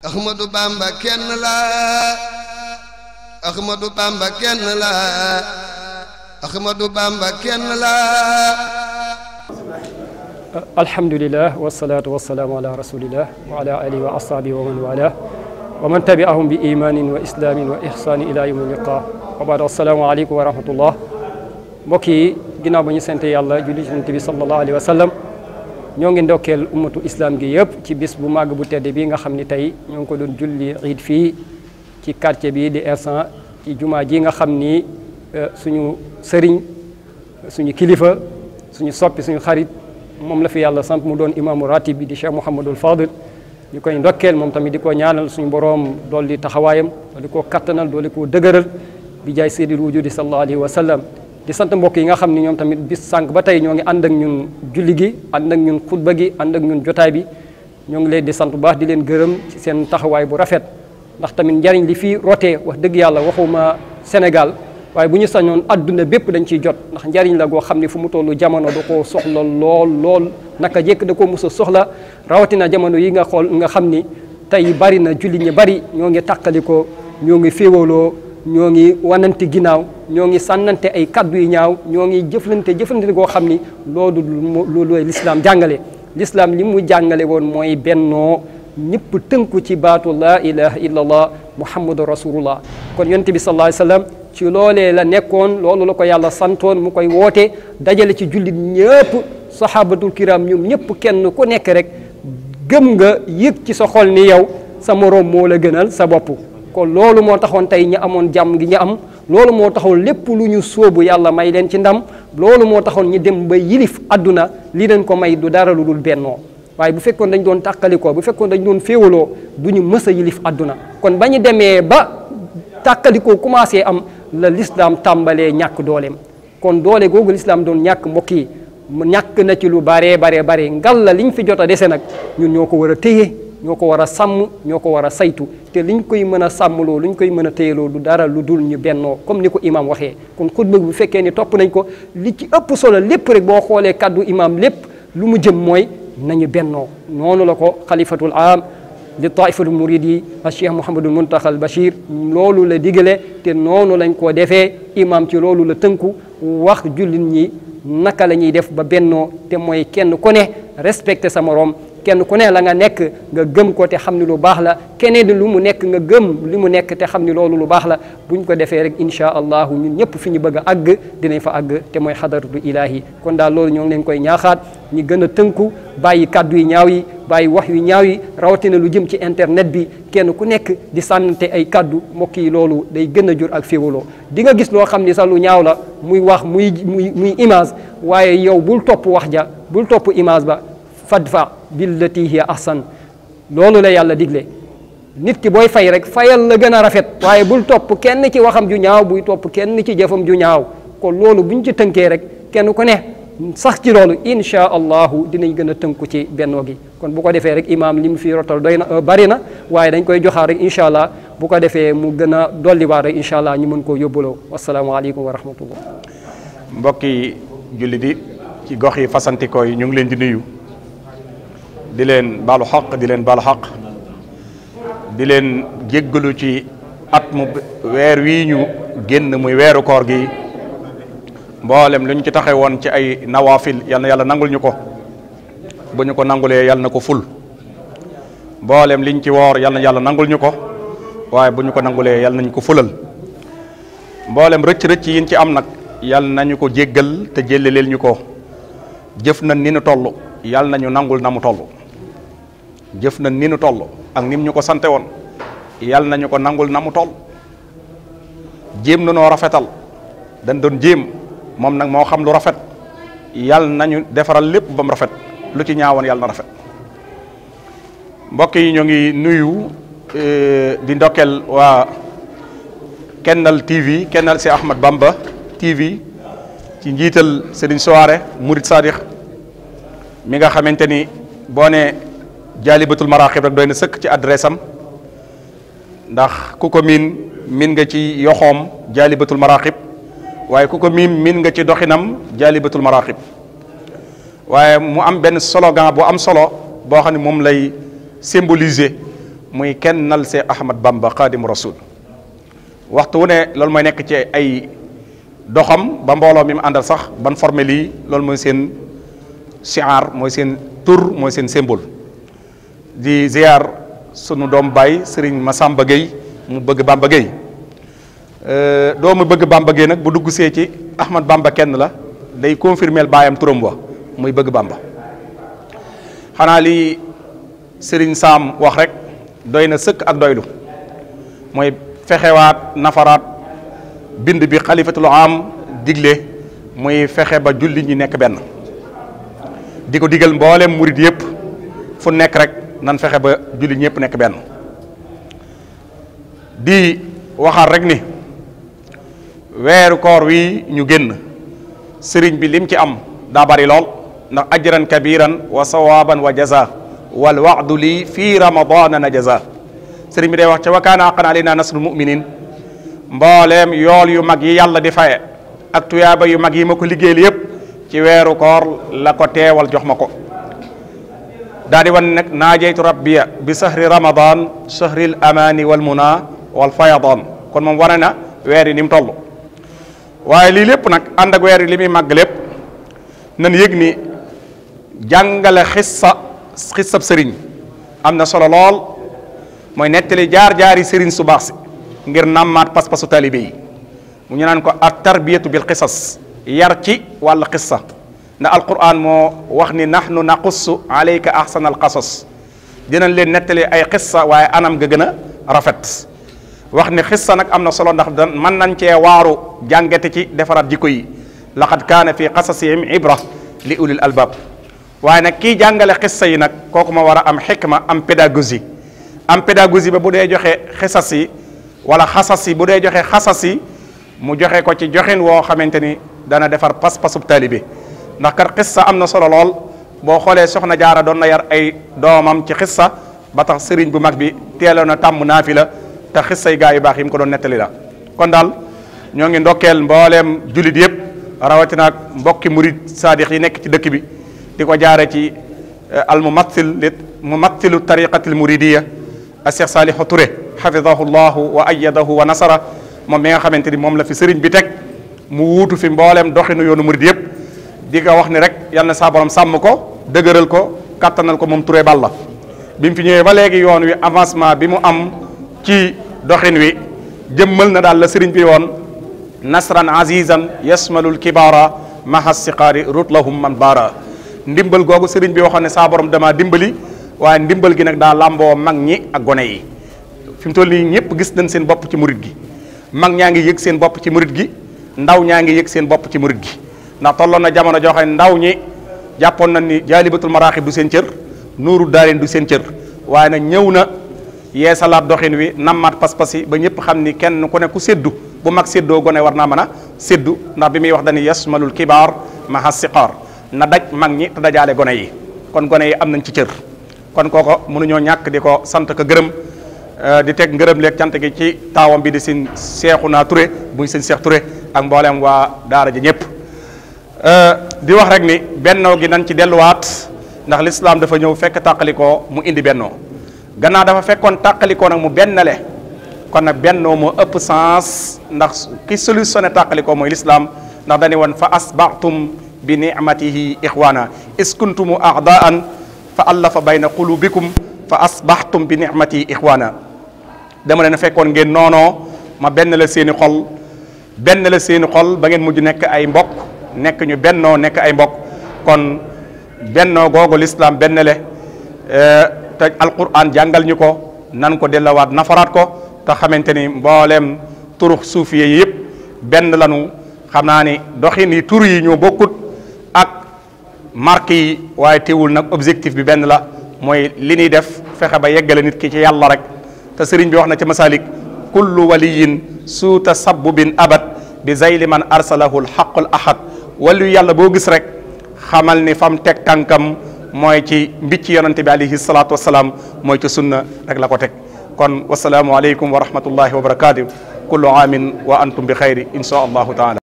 أحمد بامبا كن لا أحمد بامبا كن لا أحمد بامبا كن الحمد لله والصلاة والسلام على رسول الله وعلى آله وأصحابه ومن والاه ومن تبعهم بإيمان وإسلام وإحسان إلى يوم اللقاء وبعد السلام عليكم ورحمة الله بوكي جنا بني سنتي الله جل جل النبي صلى الله عليه وسلم ñoo ngi ndokkeel ummatu islam gi yëpp ci bis bu màgg bu tedd bi nga xam ni tey ñoo ngi ko doon julli iid fii ci quartier bi di Hersent ci jumaa ji nga xam ni suñu sëriñ suñu kilifa suñu soppi suñu xarit moom la fi yàlla sant mu doon imaamu ratib bi di Cheikh Mouhamadul Fadil ñu koy ndokkeel moom tamit di ko ñaanal suñu boroom dolli taxawaayam dolli koo kattanal dolli koo dëgëral bi jaay seydil wujudi sallallahu alayhi wa sallam di sant mbokk yi nga xam ni ñoom tamit bi sànq ba tey ñoo ngi ànd ak ñun julli gi ànd ak ñun xutba gi ànd ak ñun jotaay bi ñoo ngi leen di sant bu baax di leen gërëm ci seen taxawaay bu rafet ndax tamit njariñ li fii rotee wax dëgg yàlla waxuma Sénégal waaye bu ñu sañoon àdduna bépp dañ ciy jot ndax njariñ la goo xam ne fu mu tollu jamono da koo soxla lool lool naka jekk da koo mos soxla rawatina jamono yi nga xool nga xam ni tey bari na julli ñi bari ñoo ngi tàqali ñoo ngi wanante ginnaaw ñoo ngi sànnante ay kaddu yu ñaaw ñoo ngi jëflante jëflante goo xam ni loolu loolu lislaam jàngale lislaam li mu jàngale woon mooy bennoo ñëpp tënku ci baatu laa ilaha illa allah muhammadu rasulullah kon yonent bi sallallahu alayhi ci loolee la nekkoon loolu la ko yàlla santoon mu koy woote dajale ci jullit ñëpp sahabatul kiram ñoom ñëpp kenn ku nekk rek gëm nga yëg ci sa xol ni yow sa moroom moo la gënal sa bopp kon loolu moo taxoon tey ñi amoon jàmm gi ñu am loolu moo taxoon lépp lu ñu sóobu yàlla may leen ci ndam loolu moo taxoon ñu dem ba yilif àdduna li leen ko may du dara lu dul bennoo waaye bu fekkoon dañ doon tàkkalikoo bu fekkoon dañu doon féewaloo du ñu mësa a yilif àdduna kon ba ñu demee ba tàkkalikoo commencé am la lislaam tàmbalee ñàkk dooleem kon doole googu lislaam doon ñàkk mbokk yi ñàkk na ci lu baree baree bare ngal la liñ fi jot a dese nag ñun ñoo ko war a téye ñoo ko war a sàmm ñoo ko war a saytu te liñ koy mën a sàmmloo luñ koy mën a téyeloo du dara lu dul ñu bennoo comme ni ko imaam waxee kon xutba bu fekkee ni topp nañ ko li ci ëpp solo lépp rek boo xoolee kàddu imaam lépp lu mu jëm mooy nañu bennoo noonu la ko xalifatul am di taifatul murid yi a cheikh mouhamadul muntaxal bachir loolu la digale te noonu lañ ko defee imaam ci loolu la tënku wax jullit ñi naka la ñuy def ba bennoo te mooy kenn ku ne respecté sa morom kenn ku ne la nga nekk nga gëm ko te xam ni lu baax la keneen lu mu nekk nga gëm li mu nekk te xam ni loolu lu baax la buñ ko defee rek incha allahu ñun ñëpp fi ñu bëgg àgg dinañ fa àgg te mooy xadaratu ilaahi kon daal loolu ñoo ngi leen koy ñaaxaat ñi gën a tënku bàyyi kàddu yi ñaaw yi bàyyi wax yu ñaaw yi rawatina lu jëm ci internet bi kenn ku nekk di sànnante ay kàddu mbokk yi loolu day gën a jur ak féewaloo di nga gis loo xam ni sax lu ñaaw la muy wax muy muy muy image waaye yow bul topp wax ja bul topp image ba fadfa billati hiya ahsan loolu la yàlla digle nit ki booy fay rek fayal la gën a rafet waaye bul topp kenn ci waxam ju ñaaw buy topp kenn ci jëfam ju ñaaw kon loolu bu ñu ci tënkee rek kenn ku ne sax ci loolu insha allahu dinañ gën a tënku ci bennoo yi kon bu ko defee rek imaam li mu fi rotal doy na euh, bari na waaye dañ koy joxaat rek incha allah bu ko defee mu gën a dolliwaat rek incha allah ñu mën koo yóbbuloo wasalaamaaleykum wa rahmatullah mbokki julli di ci gox yi fasantikoo yi ñu ngi leen di nuyu di leen baalu xaq di leen baalu xaq di leen jéggalu ci at mu weer wii génn muy weeru koor gi mboolem lu ñu ci taxe woon ci ay nawaafil yal na yàlla nangul ñu ko bu ñu ko nangulee yal na ko ful mboolem liñ ci woor yal yàlla nangul ñu ko waaye bu ko nangulee yal nañ ko fulal mboolem rëcc-rëcc yin ci am nag yal nañu ko jéggal te jëleleel ñu ko jëf na ni nu toll yal nañu nangul na mu toll jëf na ni nu toll ak nim ñu ko sante woon yàlla nañu ko nangul na mu toll jéem na noo rafetal dañ doon jéem moom nag moo xam lu rafet yàlla nañu defaral lépp ba rafet lu ci ñaawoon yàlla na rafet mbokk yi ñoo ngi nuyu euh, di ndokkeel waa kennal TV kennal si Ahmad Bamba TV ci njiital Serigne Soare Murid Sadikh mi nga xamante ni boo ne jaalibatul maraaxib rek doy na sëkk ci adresse am ndax ku ko miin miin nga ci yoxoom jaalibatul maraaxib waaye ku ko miin miin nga ci doxinam jaalibatul maraaxib waaye mu am benn slogan bu am solo boo xam ne moom lay symboliser muy kenn nal see Ahmad Bamba xaadimu rasul waxtu wu ne loolu mooy nekk ci ay doxam ba mbooloo mi mu àndal sax ban formé lii loolu mooy seen siaar mooy seen tur mooy seen symbole di ziar sunu doom baay Serigne Massamba Gueye mu bëgg Bamba Gueye euh, doomu bëgg Bamba Gueye nag bu dugg see ci Ahmad Bamba kenn la day confirmeel baayam turam wa muy bëgg Bamba xanaa li sëriñ Sam wax rek doy na sëkk ak doylu mooy fexewaat nafaraat bind bi xalifatul am digle muy fexe ba julli ñu nekk benn di ko digal mboolem murid yëpp fu nekk rek nan fexe ba julli ñëpp nek ben di waxal rek ni wéru koor wi ñu génn sëriñ bi lim ci am da bari lool ndax ajran kabiran wa sawaban wa jaza wal wa'du li fi ramadan na jaza sëriñ bi day wax ci wa kana aqna alaynaa nasrul mu'minin mbolem yool yu mag yi yàlla di faye ak tuyaaba yu mag yi mako ko liggéeyal yépp ci wéru koor la ko teewal jox mako داري ونك ناجيت ربي بسهر رمضان سهر الأمان والمنا والفيضان كون من وانا ويري نمتلو واي ليليب نك عندك ويري لمي مغلب نن يغني جنجل خصة خصة بسرين أمنا صلى الله moy netali jaar jaari serigne subax ngir namat pass passu talibi mu ñaan ko at tarbiyatu bil qisas yar ci na alquran moo wax ni nahnu naqussu alayka ahsana alqasas dinañ leen nettali ay xissa waaye anam ga gën a rafet wax ni xissa nag am na solo ndax dan mën nañ cee waaru jàngate ci defaraat jikko yi laqad kaana fi qasasihim ibra li ulil albab waaye nag kii jàngale xissa yi nag kooku ma war a am xikma am pédagogie am pédagogie ba bu dee joxe xisas yi wala xasas yi bu dee joxe xasas yi mu joxe ko ci joxin woo xamante ni dana defar pas-pasub taalibe ndax kar xissa am na solo lool boo xoolee soxna jaara doon na yar ay doomam ci xissa ba tax sëriñ bu mag bi teeloon na tàmm naa fi la te xissay gaa yu baax yi mu ko doon nettali la kon daal ñoo ngi ndokkeel mbooleem jullit yëpp rawatina ak mbokki murid saadix yi nekk ci dëkk bi di ko jaare ci al mumattil li mumattilu tariqatil muridiya a Cheikh Salihu Touré xafidahu llahu wa ayadahu wa nasara moom mi nga xamante ni moom la fi sëriñ bi teg mu wuutu fi mbooleem doxinu yoonu murid yëpp di wax ni rek yal na saa sàmm ko dëgëral ko kattanal ko moom Touré Balla bi mu fi ñëwee ba léegi yoon wi avancement bi mu am ci doxin wi jëmmal na daal la sëriñ bi woon nasran azizan yasmalul kibara mahas siqaari rutlahum man baara ndimbal googu sëriñ bi waxoon ne saaboroom borom dama dimbali waaye ndimbal gi nag daa làmboo mag ñi ak gone yi fi mu toll nii ñëpp gis nañ seen bopp ci murit gi mag ñaa ngi yëg seen bopp ci murit gi ndaw ñaa ngi yëg seen bopp ci murit gi ndax tolloon na jamono joo xam ne ndaw ñi jàppoon na ni jaalibatul maraaxib du seen cër nuuru daalin du seen cër waaye nag ñëw na yee salaat doxin wi nammaat pas-pas yi ba ñëpp xam ni kenn ku ne ku séddu bu mag séddoo gone war naa mën a séddu ndax bi muy wax dañuy yasmalul kibaar maha siqaar na daj mag ñi te dajaale gone yi kon gone yi am nañ ci cër kon kooko mënuñoo ñàkk di ko sant ko gërëm euh, di teg ngërëm leeg cant gi ci taawam bi di seen seexu naa Touré muy seen seex Touré ak mboolem waa daara ji ñëpp Euh, di wax rek ni bennoo gi nañ ci delluwaat ndax lislaam dafa ñëw fekk tàqalikoo mu indi bennoo gannaaw dafa fekkoon tàqalikoo nag mu bennale kon nag bennoo moo ëpp sens ndax ki solutionné tàqalikoo mooy lislaam ndax dañu woon fa asbaxtum bi nicmatihi ixwana iskuntumu aadaan fa allafa bayna qulubikum fa asbaxtum bi nicmatihi ixwana dama leen fekkoon ngeen noonoo ma benn la seeni xol benn la seeni xol ba ngeen mujj nekk ay mbokk nekk ñu bennoo nekk ay mbokk kon bennoo googu lislaam benn le te alquran jàngal ñu ko nan ko dellawaat nafaraat ko te xamante ni mbooleem turux suufiye yi lanu xam ni doxin yi yi ñoo bokkut ak marki yi waaye teewul nag objectif bi benn la mooy li ñuy def fexe ba yeggale nit ki ci yàlla rek te sëriñ bi wax ci masalik kullu waliyin suuta sabubin abad bi zayli man arsalahu alxaqul ahad wallu yàlla bo gis rek xamal ni fam tek tànkam moy ci mbicc yonante bi alayhi salaatu wasalaam mooy ci sunna rek la ko tek kon wassalamu alaykum wa rahmatullahi wa barakatuh kullu amin wa antum bi khair insha allah taala